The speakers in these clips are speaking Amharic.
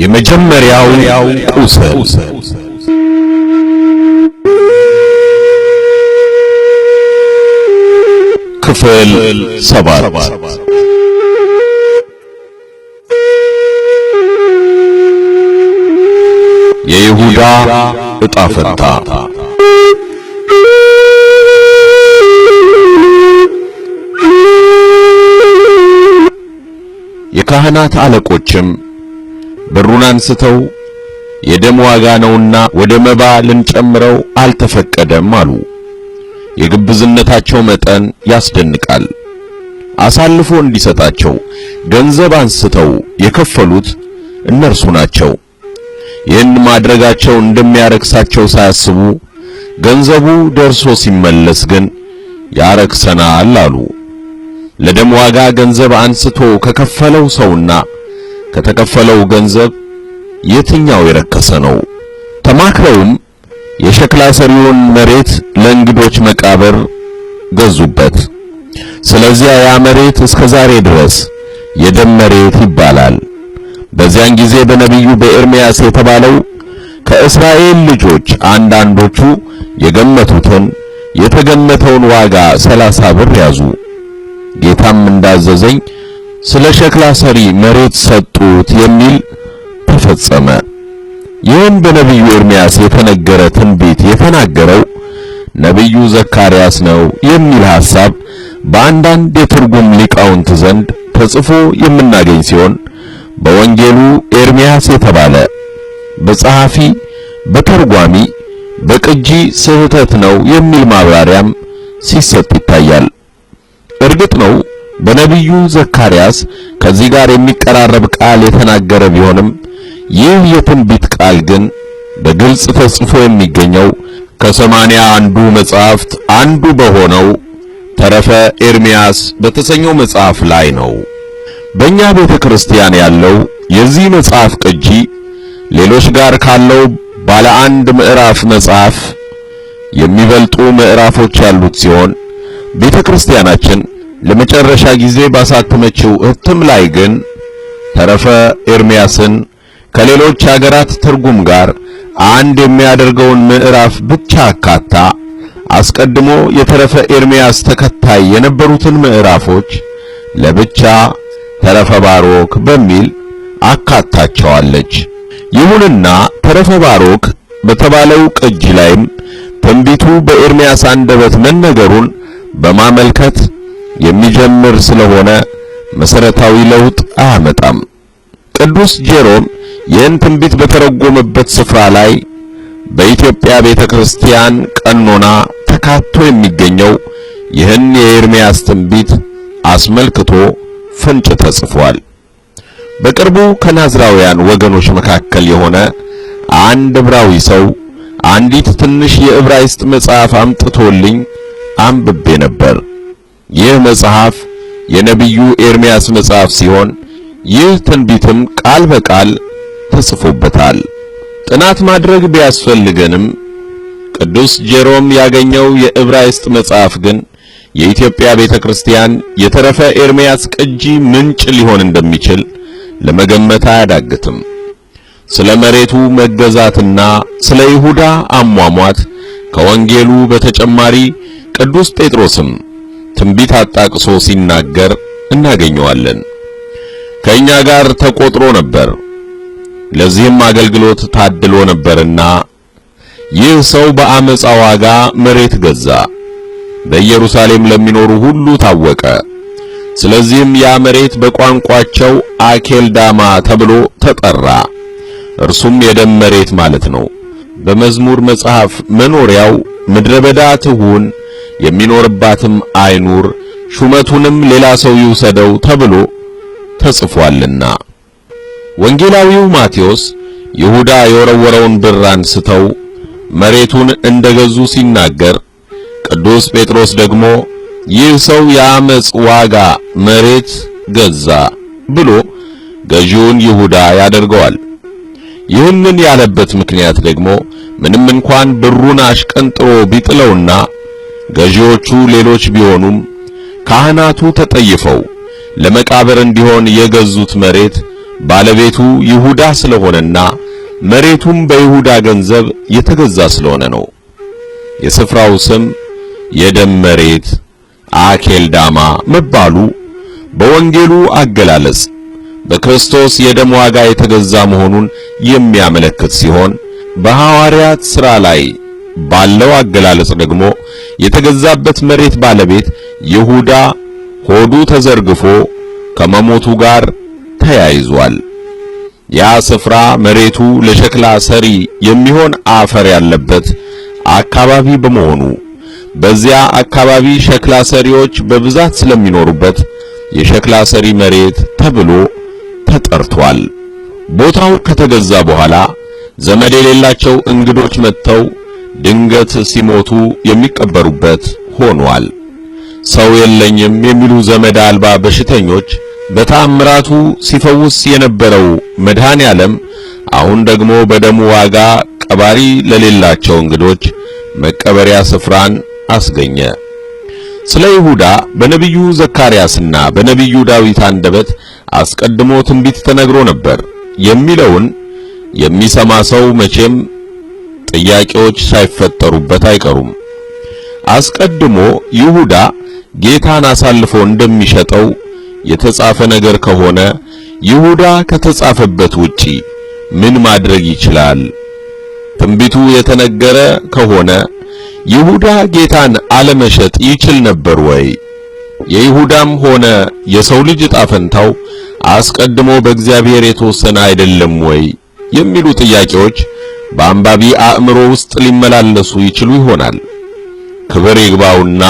የመጀመሪያው ቁስል ክፍል ሰባት የይሁዳ ዕጣ ፈንታ የካህናት አለቆችም ብሩን አንስተው የደም ዋጋ ነውና ወደ መባ ልንጨምረው አልተፈቀደም አሉ። የግብዝነታቸው መጠን ያስደንቃል። አሳልፎ እንዲሰጣቸው ገንዘብ አንስተው የከፈሉት እነርሱ ናቸው። ይህን ማድረጋቸው እንደሚያረክሳቸው ሳያስቡ ገንዘቡ ደርሶ ሲመለስ ግን ያረክሰናል አሉ። ለደም ዋጋ ገንዘብ አንስቶ ከከፈለው ሰውና ከተከፈለው ገንዘብ የትኛው የረከሰ ነው? ተማክረውም የሸክላ ሰሪውን መሬት ለእንግዶች መቃብር ገዙበት። ስለዚያ ያ መሬት እስከ ዛሬ ድረስ የደም መሬት ይባላል። በዚያን ጊዜ በነቢዩ በኤርምያስ የተባለው ከእስራኤል ልጆች አንዳንዶቹ የገመቱትን የተገመተውን ዋጋ ሰላሳ ብር ያዙ ጌታም እንዳዘዘኝ ስለ ሸክላ ሰሪ መሬት ሰጡት የሚል ተፈጸመ። ይህም በነቢዩ ኤርምያስ የተነገረ ትንቢት የተናገረው ነቢዩ ዘካርያስ ነው የሚል ሐሳብ በአንዳንድ የትርጉም ሊቃውንት ዘንድ ተጽፎ የምናገኝ ሲሆን በወንጌሉ ኤርምያስ የተባለ በጸሐፊ በተርጓሚ በቅጂ ስህተት ነው የሚል ማብራሪያም ሲሰጥ ይታያል። እርግጥ ነው በነቢዩ ዘካርያስ ከዚህ ጋር የሚቀራረብ ቃል የተናገረ ቢሆንም ይህ የትንቢት ቃል ግን በግልጽ ተጽፎ የሚገኘው ከሰማንያ አንዱ መጽሐፍት አንዱ በሆነው ተረፈ ኤርምያስ በተሰኘው መጽሐፍ ላይ ነው። በእኛ ቤተ ክርስቲያን ያለው የዚህ መጽሐፍ ቅጂ ሌሎች ጋር ካለው ባለ አንድ ምዕራፍ መጽሐፍ የሚበልጡ ምዕራፎች ያሉት ሲሆን ቤተ ክርስቲያናችን ለመጨረሻ ጊዜ ባሳተመችው እትም ላይ ግን ተረፈ ኤርምያስን ከሌሎች አገራት ትርጉም ጋር አንድ የሚያደርገውን ምዕራፍ ብቻ አካታ አስቀድሞ የተረፈ ኤርምያስ ተከታይ የነበሩትን ምዕራፎች ለብቻ ተረፈ ባሮክ በሚል አካታቸዋለች። ይሁንና ተረፈ ባሮክ በተባለው ቅጅ ላይም ትንቢቱ በኤርምያስ አንደበት መነገሩን በማመልከት የሚጀምር ስለሆነ መሰረታዊ ለውጥ አያመጣም። ቅዱስ ጄሮም ይህን ትንቢት በተረጎመበት ስፍራ ላይ በኢትዮጵያ ቤተክርስቲያን ቀኖና ተካቶ የሚገኘው ይህን የኤርምያስ ትንቢት አስመልክቶ ፍንጭ ተጽፏል። በቅርቡ ከናዝራውያን ወገኖች መካከል የሆነ አንድ ዕብራዊ ሰው አንዲት ትንሽ የዕብራይስጥ መጽሐፍ አምጥቶልኝ አንብቤ ነበር። ይህ መጽሐፍ የነቢዩ ኤርምያስ መጽሐፍ ሲሆን ይህ ትንቢትም ቃል በቃል ተጽፎበታል። ጥናት ማድረግ ቢያስፈልገንም ቅዱስ ጄሮም ያገኘው የዕብራይስጥ መጽሐፍ ግን የኢትዮጵያ ቤተክርስቲያን የተረፈ ኤርምያስ ቅጂ ምንጭ ሊሆን እንደሚችል ለመገመት አያዳግትም። ስለ መሬቱ መገዛትና ስለ ይሁዳ አሟሟት ከወንጌሉ በተጨማሪ ቅዱስ ጴጥሮስም ትንቢት አጣቅሶ ሲናገር እናገኘዋለን። ከኛ ጋር ተቆጥሮ ነበር፣ ለዚህም አገልግሎት ታድሎ ነበርና ይህ ሰው በአመፃ ዋጋ መሬት ገዛ፣ በኢየሩሳሌም ለሚኖሩ ሁሉ ታወቀ። ስለዚህም ያ መሬት በቋንቋቸው አኬልዳማ ተብሎ ተጠራ። እርሱም የደም መሬት ማለት ነው። በመዝሙር መጽሐፍ መኖሪያው ምድረ በዳ ትሁን የሚኖርባትም አይኑር ሹመቱንም ሌላ ሰው ይውሰደው ተብሎ ተጽፏልና። ወንጌላዊው ማቴዎስ ይሁዳ የወረወረውን ብር አንስተው መሬቱን እንደገዙ ሲናገር፣ ቅዱስ ጴጥሮስ ደግሞ ይህ ሰው የአመጽ ዋጋ መሬት ገዛ ብሎ ገዢውን ይሁዳ ያደርገዋል። ይህንን ያለበት ምክንያት ደግሞ ምንም እንኳን ብሩን አሽቀንጥሮ ቢጥለውና ገዢዎቹ ሌሎች ቢሆኑም ካህናቱ ተጠይፈው ለመቃብር እንዲሆን የገዙት መሬት ባለቤቱ ይሁዳ ስለሆነና መሬቱም በይሁዳ ገንዘብ የተገዛ ስለሆነ ነው። የስፍራው ስም የደም መሬት አኬልዳማ መባሉ በወንጌሉ አገላለጽ በክርስቶስ የደም ዋጋ የተገዛ መሆኑን የሚያመለክት ሲሆን በሐዋርያት ሥራ ላይ ባለው አገላለጽ ደግሞ የተገዛበት መሬት ባለቤት ይሁዳ ሆዱ ተዘርግፎ ከመሞቱ ጋር ተያይዟል። ያ ስፍራ መሬቱ ለሸክላ ሰሪ የሚሆን አፈር ያለበት አካባቢ በመሆኑ በዚያ አካባቢ ሸክላ ሰሪዎች በብዛት ስለሚኖሩበት የሸክላ ሰሪ መሬት ተብሎ ተጠርቷል። ቦታው ከተገዛ በኋላ ዘመድ የሌላቸው እንግዶች መጥተው ድንገት ሲሞቱ የሚቀበሩበት ሆኗል። ሰው የለኝም የሚሉ ዘመድ አልባ በሽተኞች በታምራቱ ሲፈውስ የነበረው መድኃኔ ዓለም አሁን ደግሞ በደሙ ዋጋ ቀባሪ ለሌላቸው እንግዶች መቀበሪያ ስፍራን አስገኘ። ስለ ይሁዳ በነቢዩ ዘካርያስና በነቢዩ ዳዊት አንደበት አስቀድሞ ትንቢት ተነግሮ ነበር የሚለውን የሚሰማ ሰው መቼም ጥያቄዎች ሳይፈጠሩበት አይቀሩም። አስቀድሞ ይሁዳ ጌታን አሳልፎ እንደሚሸጠው የተጻፈ ነገር ከሆነ ይሁዳ ከተጻፈበት ውጪ ምን ማድረግ ይችላል? ትንቢቱ የተነገረ ከሆነ ይሁዳ ጌታን አለመሸጥ ይችል ነበር ወይ? የይሁዳም ሆነ የሰው ልጅ ዕጣ ፈንታው አስቀድሞ በእግዚአብሔር የተወሰነ አይደለም ወይ? የሚሉ ጥያቄዎች በአንባቢ አእምሮ ውስጥ ሊመላለሱ ይችሉ ይሆናል። ክብር ይግባውና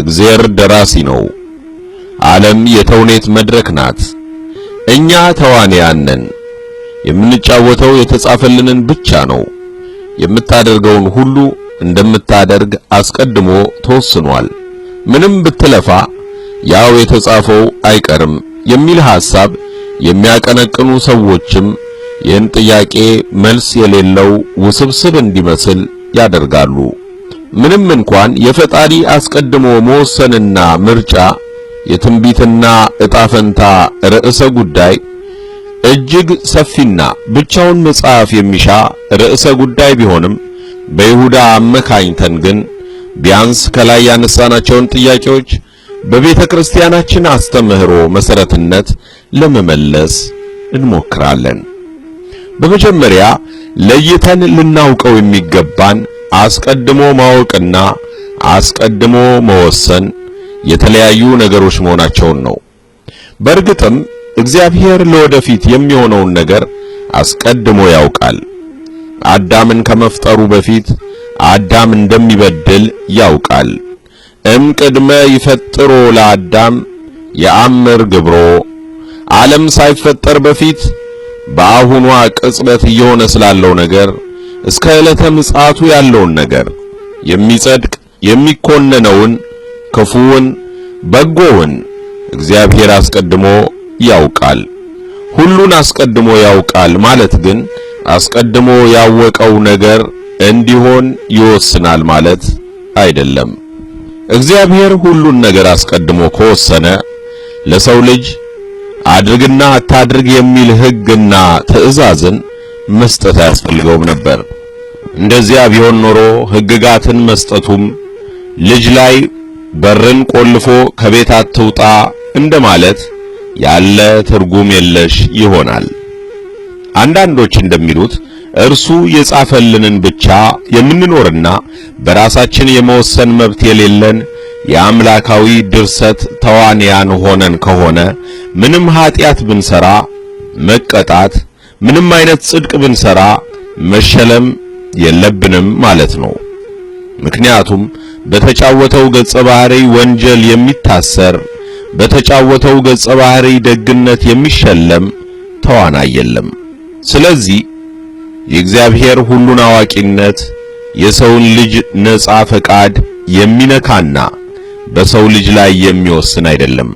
እግዚአብሔር ደራሲ ነው። ዓለም የተውኔት መድረክ ናት። እኛ ተዋንያን ነን። የምንጫወተው የተጻፈልንን ብቻ ነው። የምታደርገውን ሁሉ እንደምታደርግ አስቀድሞ ተወስኗል። ምንም ብትለፋ ያው የተጻፈው አይቀርም የሚል ሐሳብ የሚያቀነቅኑ ሰዎችም ይህን ጥያቄ መልስ የሌለው ውስብስብ እንዲመስል ያደርጋሉ። ምንም እንኳን የፈጣሪ አስቀድሞ መወሰንና ምርጫ የትንቢትና እጣፈንታ ርዕሰ ጉዳይ እጅግ ሰፊና ብቻውን መጽሐፍ የሚሻ ርዕሰ ጉዳይ ቢሆንም በይሁዳ አመካኝተን ግን ቢያንስ ከላይ ያነሳናቸውን ጥያቄዎች በቤተ ክርስቲያናችን አስተምህሮ መሰረትነት ለመመለስ እንሞክራለን። በመጀመሪያ ለይተን ልናውቀው የሚገባን አስቀድሞ ማወቅና አስቀድሞ መወሰን የተለያዩ ነገሮች መሆናቸውን ነው። በእርግጥም እግዚአብሔር ለወደፊት የሚሆነውን ነገር አስቀድሞ ያውቃል። አዳምን ከመፍጠሩ በፊት አዳም እንደሚበድል ያውቃል። እም ቅድመ ይፈጥሮ ለአዳም የአምር ግብሮ ዓለም ሳይፈጠር በፊት በአሁኗ ቅጽበት እየሆነ ስላለው ነገር እስከ ዕለተ ምጽአቱ ያለውን ነገር የሚጸድቅ የሚኮነነውን፣ ክፉውን፣ በጎውን እግዚአብሔር አስቀድሞ ያውቃል። ሁሉን አስቀድሞ ያውቃል ማለት ግን አስቀድሞ ያወቀው ነገር እንዲሆን ይወስናል ማለት አይደለም። እግዚአብሔር ሁሉን ነገር አስቀድሞ ከወሰነ ለሰው ልጅ አድርግና አታድርግ የሚል ሕግና ትዕዛዝን መስጠት አያስፈልገውም ነበር። እንደዚያ ቢሆን ኖሮ ሕግጋትን መስጠቱም ልጅ ላይ በርን ቆልፎ ከቤት አትውጣ እንደማለት ያለ ትርጉም የለሽ ይሆናል። አንዳንዶች እንደሚሉት እርሱ የጻፈልንን ብቻ የምንኖርና በራሳችን የመወሰን መብት የሌለን የአምላካዊ ድርሰት ተዋንያን ሆነን ከሆነ ምንም ኀጢአት ብንሰራ መቀጣት፣ ምንም አይነት ጽድቅ ብንሰራ መሸለም የለብንም ማለት ነው። ምክንያቱም በተጫወተው ገጸ ባህሪ ወንጀል የሚታሰር በተጫወተው ገጸ ባህሪ ደግነት የሚሸለም ተዋናይ የለም። ስለዚህ የእግዚአብሔር ሁሉን አዋቂነት የሰውን ልጅ ነጻ ፈቃድ የሚነካና በሰው ልጅ ላይ የሚወስን አይደለም።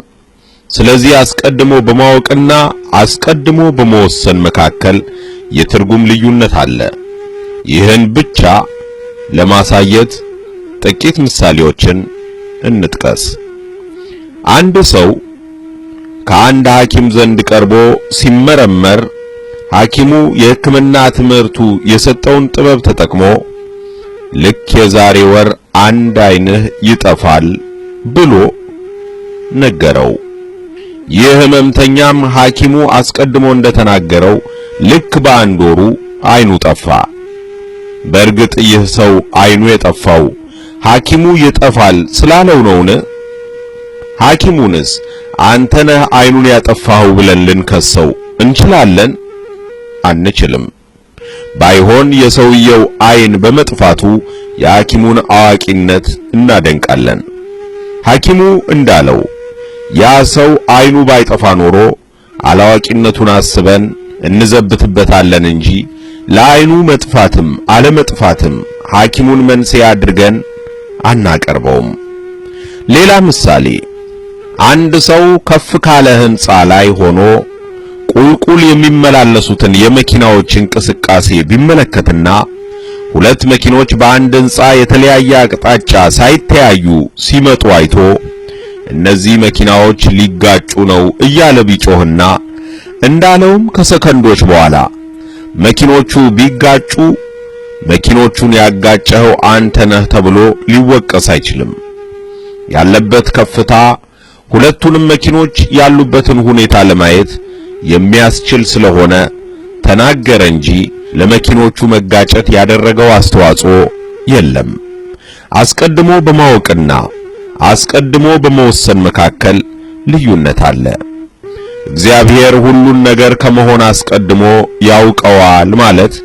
ስለዚህ አስቀድሞ በማወቅና አስቀድሞ በመወሰን መካከል የትርጉም ልዩነት አለ። ይህን ብቻ ለማሳየት ጥቂት ምሳሌዎችን እንጥቀስ። አንድ ሰው ከአንድ ሐኪም ዘንድ ቀርቦ ሲመረመር ሐኪሙ የሕክምና ትምህርቱ የሰጠውን ጥበብ ተጠቅሞ ልክ የዛሬ ወር አንድ ዓይንህ ይጠፋል ብሎ ነገረው። ይህ ህመምተኛም ሐኪሙ አስቀድሞ እንደተናገረው ልክ በአንድ ወሩ አይኑ ጠፋ። በእርግጥ ይህ ሰው አይኑ የጠፋው ሐኪሙ ይጠፋል ስላለው ነውን? ሐኪሙንስ አንተ ነህ አይኑን ያጠፋኸው ብለን ልንከሰው እንችላለን? አንችልም። ባይሆን የሰውየው አይን በመጥፋቱ የሐኪሙን አዋቂነት እናደንቃለን። ሐኪሙ እንዳለው ያ ሰው አይኑ ባይጠፋ ኖሮ አላዋቂነቱን አስበን እንዘብትበታለን እንጂ ለአይኑ መጥፋትም አለመጥፋትም ሐኪሙን መንስኤ አድርገን አናቀርበውም። ሌላ ምሳሌ፣ አንድ ሰው ከፍ ካለ ሕንጻ ላይ ሆኖ ቁልቁል የሚመላለሱትን የመኪናዎች እንቅስቃሴ ቢመለከትና ሁለት መኪኖች በአንድ ህንፃ የተለያየ አቅጣጫ ሳይተያዩ ሲመጡ አይቶ እነዚህ መኪናዎች ሊጋጩ ነው እያለ ቢጮህና እንዳለውም ከሰከንዶች በኋላ መኪኖቹ ቢጋጩ መኪኖቹን ያጋጨኸው አንተ ነህ ተብሎ ሊወቀስ አይችልም። ያለበት ከፍታ ሁለቱንም መኪኖች ያሉበትን ሁኔታ ለማየት የሚያስችል ስለሆነ ተናገረ እንጂ ለመኪኖቹ መጋጨት ያደረገው አስተዋጽኦ የለም። አስቀድሞ በማወቅና አስቀድሞ በመወሰን መካከል ልዩነት አለ። እግዚአብሔር ሁሉን ነገር ከመሆን አስቀድሞ ያውቀዋል ማለት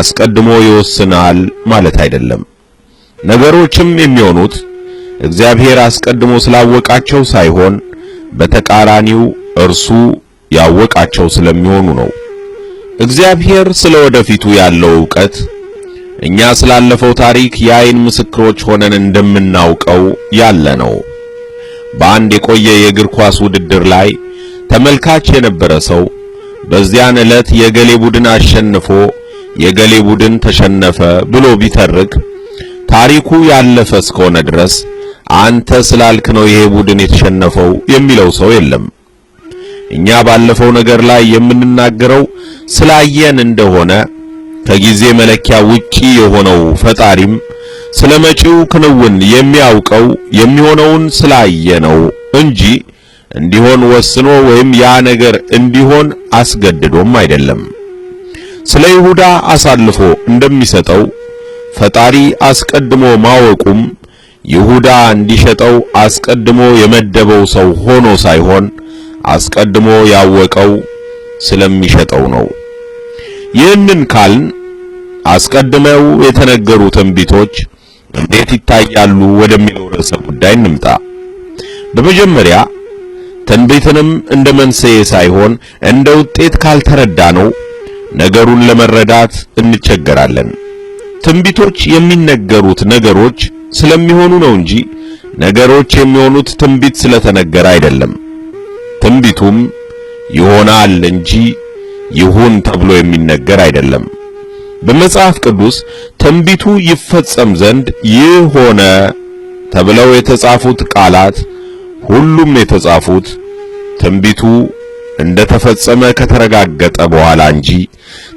አስቀድሞ ይወስናል ማለት አይደለም። ነገሮችም የሚሆኑት እግዚአብሔር አስቀድሞ ስላወቃቸው ሳይሆን በተቃራኒው እርሱ ያወቃቸው ስለሚሆኑ ነው። እግዚአብሔር ስለ ወደፊቱ ያለው ዕውቀት እኛ ስላለፈው ታሪክ የአይን ምስክሮች ሆነን እንደምናውቀው ያለ ነው። በአንድ የቆየ የእግር ኳስ ውድድር ላይ ተመልካች የነበረ ሰው በዚያን ዕለት የገሌ ቡድን አሸንፎ የገሌ ቡድን ተሸነፈ ብሎ ቢተርክ ታሪኩ ያለፈ እስከሆነ ድረስ አንተ ስላልክ ነው ይሄ ቡድን የተሸነፈው የሚለው ሰው የለም። እኛ ባለፈው ነገር ላይ የምንናገረው ስላየን እንደሆነ ከጊዜ መለኪያ ውጪ የሆነው ፈጣሪም ስለ መጪው ክንውን የሚያውቀው የሚሆነውን ስላየ ነው እንጂ እንዲሆን ወስኖ ወይም ያ ነገር እንዲሆን አስገድዶም አይደለም። ስለ ይሁዳ አሳልፎ እንደሚሰጠው ፈጣሪ አስቀድሞ ማወቁም ይሁዳ እንዲሸጠው አስቀድሞ የመደበው ሰው ሆኖ ሳይሆን አስቀድሞ ያወቀው ስለሚሸጠው ነው። ይህንን ካልን አስቀድመው የተነገሩ ትንቢቶች እንዴት ይታያሉ ወደሚለው ርዕሰ ጉዳይ እንምጣ። በመጀመሪያ ትንቢትንም እንደ መንስኤ ሳይሆን እንደ ውጤት ካልተረዳ ነው ነገሩን ለመረዳት እንቸገራለን። ትንቢቶች የሚነገሩት ነገሮች ስለሚሆኑ ነው እንጂ ነገሮች የሚሆኑት ትንቢት ስለተነገረ አይደለም። ትንቢቱም ይሆናል እንጂ ይሁን ተብሎ የሚነገር አይደለም። በመጽሐፍ ቅዱስ ትንቢቱ ይፈጸም ዘንድ ይህ ሆነ ተብለው የተጻፉት ቃላት ሁሉም የተጻፉት ትንቢቱ እንደተፈጸመ ከተረጋገጠ በኋላ እንጂ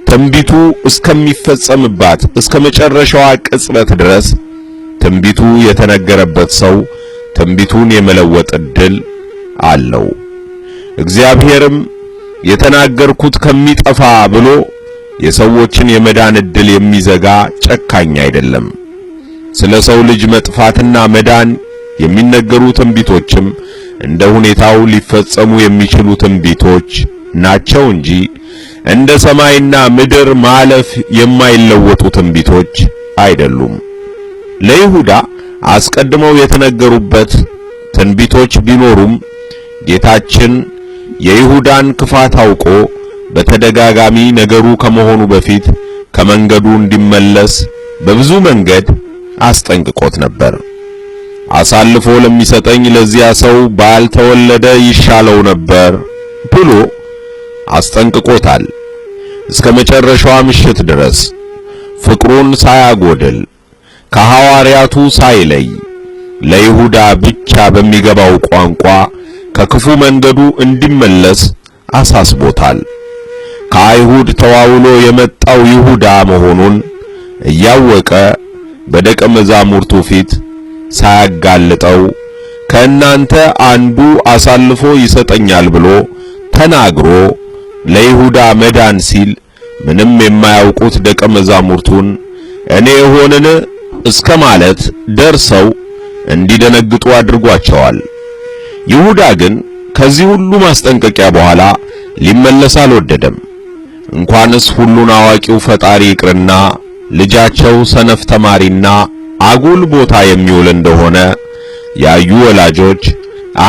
ትንቢቱ እስከሚፈጸምባት እስከ መጨረሻዋ ቅጽበት ድረስ ትንቢቱ የተነገረበት ሰው ትንቢቱን የመለወጥ ዕድል አለው። እግዚአብሔርም የተናገርኩት ከሚጠፋ ብሎ የሰዎችን የመዳን ዕድል የሚዘጋ ጨካኝ አይደለም። ስለ ሰው ልጅ መጥፋትና መዳን የሚነገሩ ትንቢቶችም እንደ ሁኔታው ሊፈጸሙ የሚችሉ ትንቢቶች ናቸው እንጂ እንደ ሰማይና ምድር ማለፍ የማይለወጡ ትንቢቶች አይደሉም። ለይሁዳ አስቀድመው የተነገሩበት ትንቢቶች ቢኖሩም ጌታችን የይሁዳን ክፋት አውቆ በተደጋጋሚ ነገሩ ከመሆኑ በፊት ከመንገዱ እንዲመለስ በብዙ መንገድ አስጠንቅቆት ነበር። አሳልፎ ለሚሰጠኝ ለዚያ ሰው ባልተወለደ ይሻለው ነበር ብሎ አስጠንቅቆታል። እስከ መጨረሻዋ ምሽት ድረስ ፍቅሩን ሳያጎድል ከሐዋርያቱ ሳይለይ ለይሁዳ ብቻ በሚገባው ቋንቋ ከክፉ መንገዱ እንዲመለስ አሳስቦታል። ከአይሁድ ተዋውሎ የመጣው ይሁዳ መሆኑን እያወቀ በደቀ መዛሙርቱ ፊት ሳያጋልጠው ከእናንተ አንዱ አሳልፎ ይሰጠኛል ብሎ ተናግሮ ለይሁዳ መዳን ሲል ምንም የማያውቁት ደቀ መዛሙርቱን እኔ የሆንን እስከ ማለት ደርሰው እንዲደነግጡ አድርጓቸዋል። ይሁዳ ግን ከዚህ ሁሉ ማስጠንቀቂያ በኋላ ሊመለስ አልወደደም። እንኳንስ ሁሉን አዋቂው ፈጣሪ ይቅርና ልጃቸው ሰነፍ ተማሪና አጉል ቦታ የሚውል እንደሆነ ያዩ ወላጆች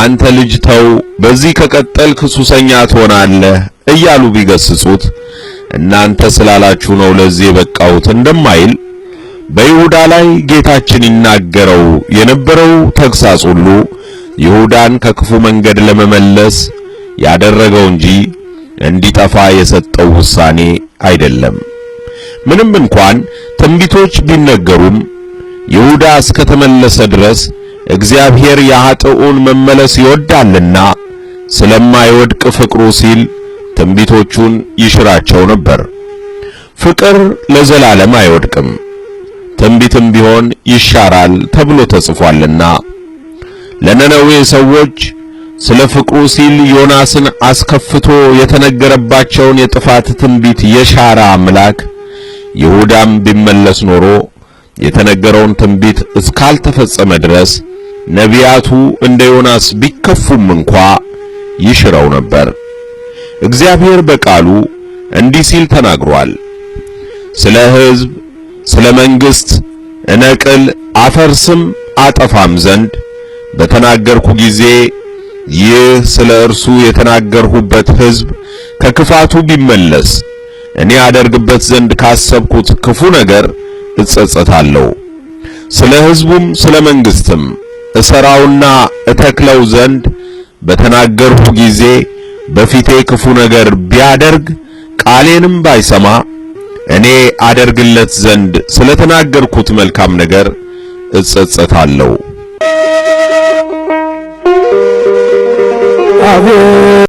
አንተ ልጅ ተው፣ በዚህ ከቀጠልክ ሱሰኛ ትሆናለህ እያሉ ቢገስጹት እናንተ ስላላችሁ ነው ለዚህ የበቃሁት እንደማይል በይሁዳ ላይ ጌታችን ይናገረው የነበረው ተግሳጽ ሁሉ ይሁዳን ከክፉ መንገድ ለመመለስ ያደረገው እንጂ እንዲጠፋ የሰጠው ውሳኔ አይደለም። ምንም እንኳን ትንቢቶች ቢነገሩም ይሁዳ እስከተመለሰ ድረስ እግዚአብሔር የኃጥኡን መመለስ ይወዳልና ስለማይወድቅ ፍቅሩ ሲል ትንቢቶቹን ይሽራቸው ነበር። ፍቅር ለዘላለም አይወድቅም፣ ትንቢትም ቢሆን ይሻራል ተብሎ ተጽፏልና። ለነነዌ ሰዎች ስለ ፍቅሩ ሲል ዮናስን አስከፍቶ የተነገረባቸውን የጥፋት ትንቢት የሻራ አምላክ ይሁዳም ቢመለስ ኖሮ የተነገረውን ትንቢት እስካልተፈጸመ ድረስ ነቢያቱ እንደ ዮናስ ቢከፉም እንኳ ይሽረው ነበር። እግዚአብሔር በቃሉ እንዲህ ሲል ተናግሯል። ስለ ሕዝብ፣ ስለ መንግሥት እነቅል አፈርስም አጠፋም ዘንድ በተናገርኩ ጊዜ ይህ ስለ እርሱ የተናገርሁበት ሕዝብ ከክፋቱ ቢመለስ እኔ አደርግበት ዘንድ ካሰብኩት ክፉ ነገር እጸጸታለሁ። ስለ ሕዝቡም ስለ መንግሥትም እሰራውና እተክለው ዘንድ በተናገርሁ ጊዜ በፊቴ ክፉ ነገር ቢያደርግ ቃሌንም ባይሰማ እኔ አደርግለት ዘንድ ስለ ተናገርኩት መልካም ነገር እጸጸታለሁ። Ave